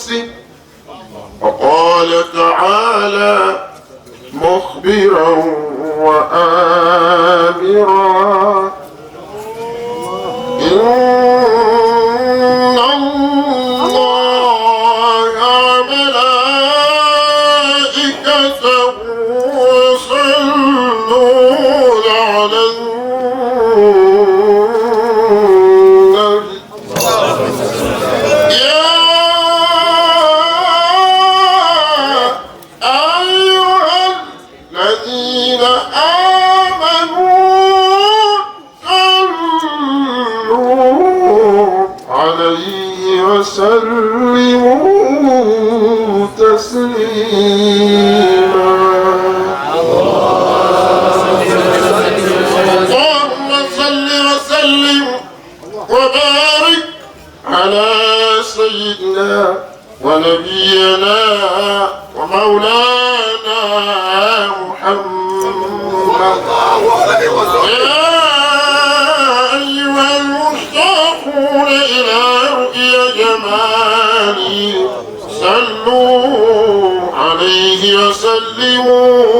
نفسه وقال تعالى مخبرا وآمرا وبارك على سيدنا ونبينا ومولانا محمد صلى الله عليه وسلم يا أيها المشتاقون إلى رؤيا جمالي صلوا عليه وسلموا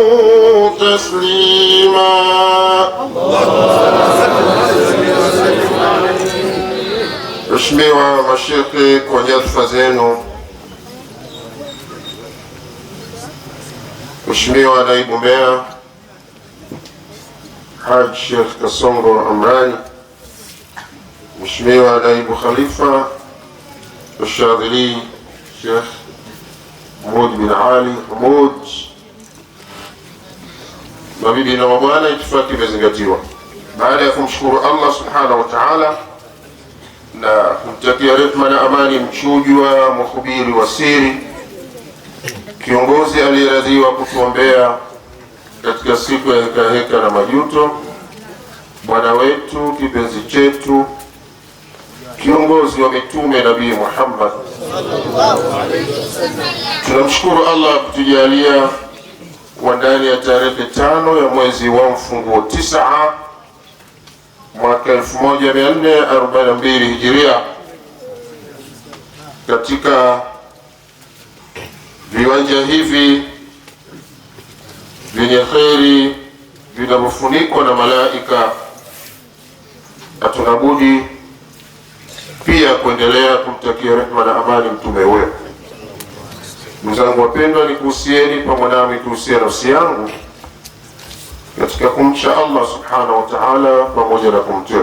تسليما الله Waheshimiwa mashekhe kwa nyadhifa zenu, Mheshimiwa naibu meya Haji Sheikh Kasongo Amrani, Mheshimiwa naibu khalifa washadhiri Sheikh Mahmud bin Ali Mahmud, mabibi na mabwana, itifaki imezingatiwa. Baada ya kumshukuru Allah subhanahu wa ta'ala na kumtakia rehma na amani mchujwa mhubiri wa siri, kiongozi aliyeradhiwa kutuombea katika siku ya heka heka na majuto, bwana wetu kipenzi chetu, kiongozi wa mitume Nabii Muhammad. Tunamshukuru Allah kutujalia kwa ndani ya tarehe tano ya mwezi wa mfunguo tisa mwaka 1442 hijiria katika viwanja hivi vyenye kheri vinavyofunikwa na malaika, hatunabudi pia kuendelea kumtakia rehma na amani mtume wetu. Mwenzangu wapendwa, nikuhusieni pamoja nami kuhusia nafsi yangu katika kumcha Allah subhanahu wa ta'ala pamoja na kumtii.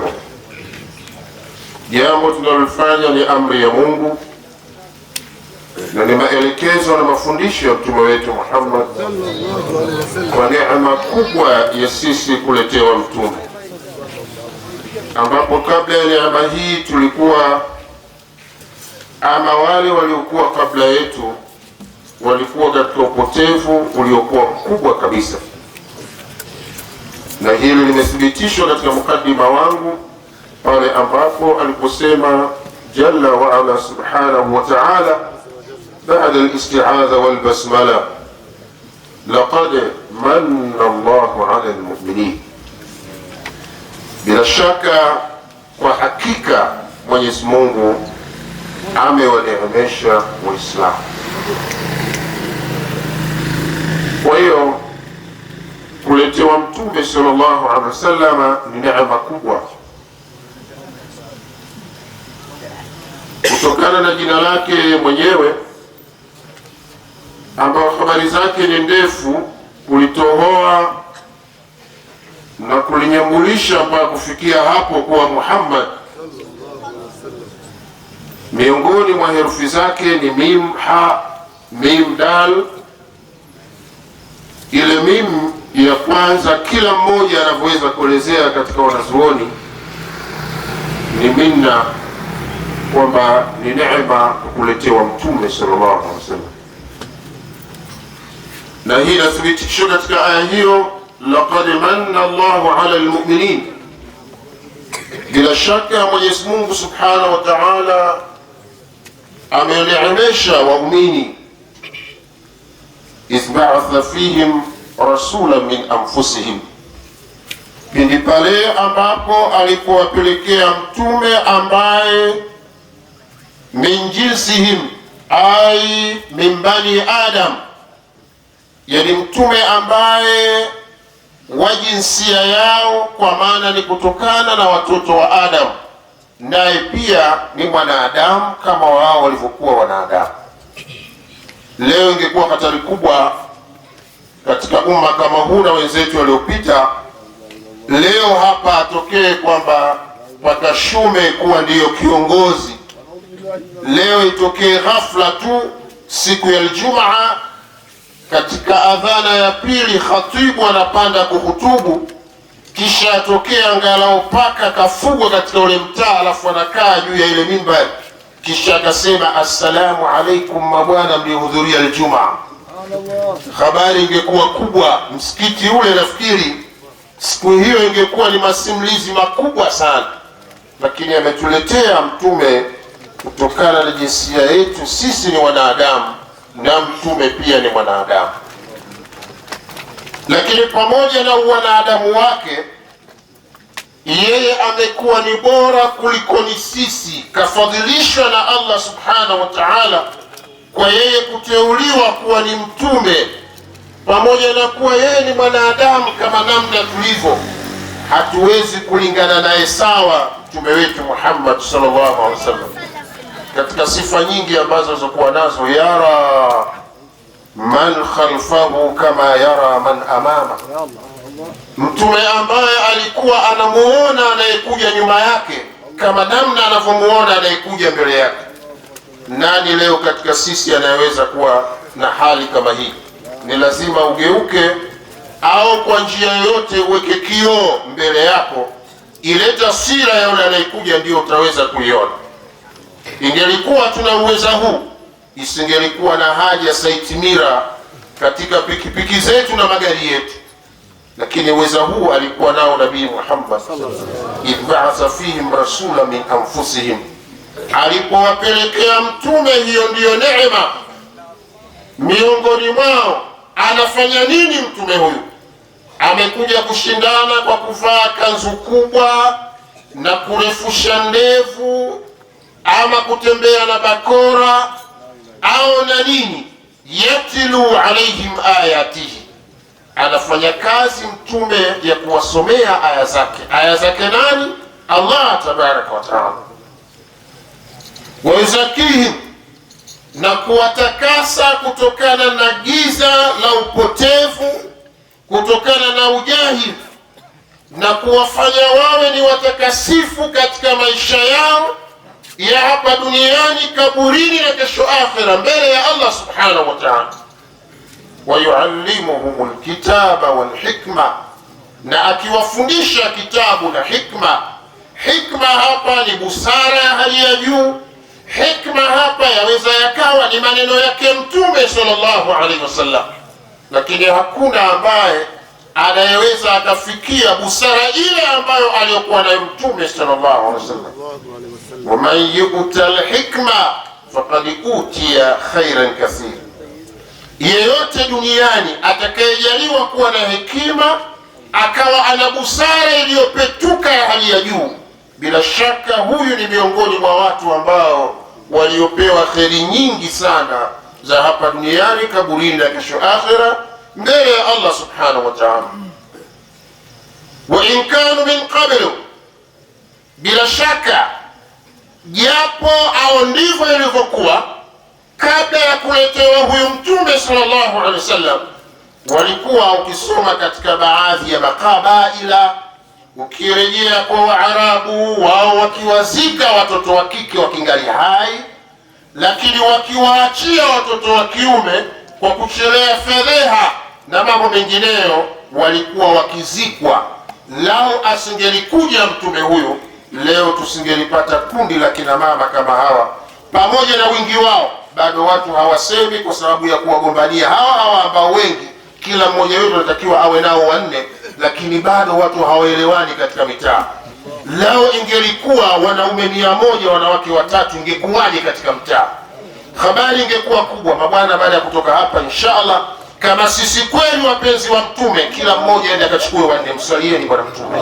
Jambo tunalofanya ni amri ya Mungu na ni maelekezo na mafundisho ya mtume wetu Muhammad, kwa neema kubwa ya sisi kuletewa mtume, ambapo kabla ya neema hii tulikuwa ama wale waliokuwa kabla yetu walikuwa katika upotevu uliokuwa mkubwa kabisa na hili limethibitishwa katika mukadima wangu pale ambapo aliposema jalla waala subhanahu wa taala baada listiadha walbasmala laqad mana Allahu ala lmuminin, bila shaka kwa hakika Mwenyezi Mungu amewaneemesha Waislamu. Kwa hiyo kuletewa Mtume sallallahu alaihi wasallam ni neema kubwa. Kutokana na jina lake mwenyewe ambao habari zake ni ndefu, kulitohoa na kulinyambulisha mpaka kufikia hapo kuwa Muhammad. Miongoni mwa herufi zake ni mim, ha, mim, dal. Ile mim ya kwanza kila mmoja anavyoweza kuelezea katika wanazuoni ni minna, kwamba ni neema kukuletewa Mtume sallallahu alaihi wasallam, na hii inathibitishwa katika aya hiyo, laqad manna llahu ala almu'minin, bila shaka Mwenyezi Mungu subhanahu wa ta'ala ameneemesha waumini, idh ba'atha fihim rasula min anfusihim, pindi pale ambapo alipowapelekea mtume ambaye min jinsihim ai min bani Adam, yani mtume ambaye wa jinsia yao, kwa maana ni kutokana na watoto wa Adam, naye pia ni mwanadamu kama wao walivyokuwa wanadamu. Leo ingekuwa hatari kubwa katika umma kama huu na wenzetu waliopita. Leo hapa atokee kwamba Mwakashume kuwa ndiyo kiongozi leo, itokee ghafla tu siku ya Ijumaa katika adhana ya pili khatibu anapanda kuhutubu, kisha atokee angalau paka kafugwa katika ule mtaa, alafu anakaa juu ya ile mimbari, kisha akasema assalamu alaikum mabwana mliohudhuria Ijumaa habari ingekuwa kubwa. Msikiti ule nafikiri siku hiyo ingekuwa ni masimulizi makubwa sana, lakini ametuletea Mtume kutokana na jinsia yetu, sisi ni wanadamu na Mtume pia ni mwanadamu. Lakini pamoja na uwanadamu wake, yeye amekuwa ni bora kuliko ni sisi, kafadhilishwa na Allah subhanahu wa ta'ala kwa yeye kuteuliwa kuwa ni mtume, pamoja na kuwa yeye ni mwanadamu kama namna tulivyo, hatuwezi kulingana naye sawa. Mtume wetu Muhammad sallallahu alaihi wasallam katika sifa nyingi ambazo zokuwa nazo, yara man khalfahu kama yara man amama, mtume ambaye alikuwa anamuona anayekuja nyuma yake kama namna anavyomuona anayekuja mbele yake. Nani leo katika sisi anayeweza kuwa na hali kama hii? Ni lazima ugeuke, au kwa njia yoyote uweke kioo mbele yako, ile taswira ya yule anayekuja ndio utaweza kuiona. Ingelikuwa tuna uweza huu, isingelikuwa na haja saitimira katika pikipiki zetu na magari yetu, lakini uweza huu alikuwa nao Nabii Muhammad idh baatha fihim rasula min anfusihim alipowapelekea mtume. Hiyo ndiyo neema. Miongoni mwao anafanya nini mtume huyu? Amekuja kushindana kwa kuvaa kanzu kubwa na kurefusha ndevu ama kutembea na bakora au na nini? Yatlu alaihim ayatihi, anafanya kazi mtume ya kuwasomea aya zake. Aya zake nani? Allah tabaraka wataala wayuzakihim, na kuwatakasa kutokana na giza la upotevu, kutokana na ujahili, na kuwafanya wawe ni watakasifu katika maisha yao ya hapa duniani, kaburini na kesho akhera, mbele ya Allah subhanahu wa ta'ala. Wayuallimuhum lkitaba walhikma, na akiwafundisha kitabu na hikma. Hikma hapa ni busara ya hali ya juu hikma hapa yaweza yakawa ni maneno yake Mtume sallallahu alaihi wasallam, lakini hakuna ambaye anayeweza akafikia busara ile ambayo aliyokuwa nayo Mtume sallallahu alaihi wasallam. Waman yuta lhikma faqad utiya khairan kathira, yeyote duniani atakayejaliwa kuwa na hekima akawa ana busara iliyopetuka ya hali ya juu, bila shaka huyu ni miongoni mwa watu ambao waliopewa kheri nyingi sana za hapa duniani, kaburini na kesho akhira, mbele ya Allah subhanahu wa ta'ala. Wa in kanu min qablu, bila shaka japo au ndivyo ilivyokuwa kabla ya kuletewa huyu mtume sallallahu alaihi wasallam, walikuwa ukisoma katika baadhi ya makabaila Ukirejea kwa Waarabu, wao wakiwazika watoto wa kike wakingali hai, lakini wakiwaachia watoto wa kiume kwa kuchelea fedheha na mambo mengineyo, walikuwa wakizikwa. Lao asingelikuja mtume huyu, leo tusingelipata kundi la kina mama kama hawa. Pamoja na wingi wao, bado watu hawasemi kwa sababu ya kuwagombania hawa hawa ambao wengi, kila mmoja wetu anatakiwa awe nao wanne lakini bado watu hawaelewani katika mitaa. Lao ingelikuwa wanaume mia moja wanawake watatu, ingekuwaje katika mtaa? Habari ingekuwa kubwa mabwana. Baada ya kutoka hapa, inshallah kama sisi kweli wapenzi wa Mtume, kila mmoja ende akachukue wanne. Msalieni bwana Mtume.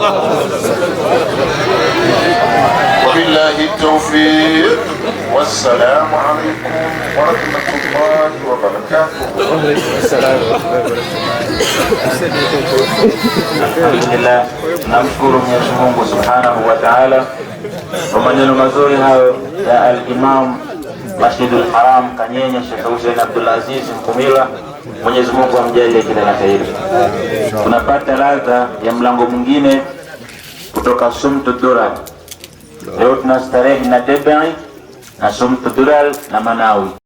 Wabillahi tawfiq, wassalamu alaykum wa rahmatullahi wa barakatuh. Alhamdulillah, namshukuru Mwenyezi Mungu subhanahu wa ta'ala kwa maneno mazuri hayo ya al-Imam Masjidul Haram Kanyenye Sheikh Hussein Abdul Aziz Mkumila Mwenyezi Mungu amjalie kila la heri. Tunapata ladha ya mlango mwingine kutoka Sumtu Dural. Leo tunastarehe na Debai na Sumtu Dural na Manawi.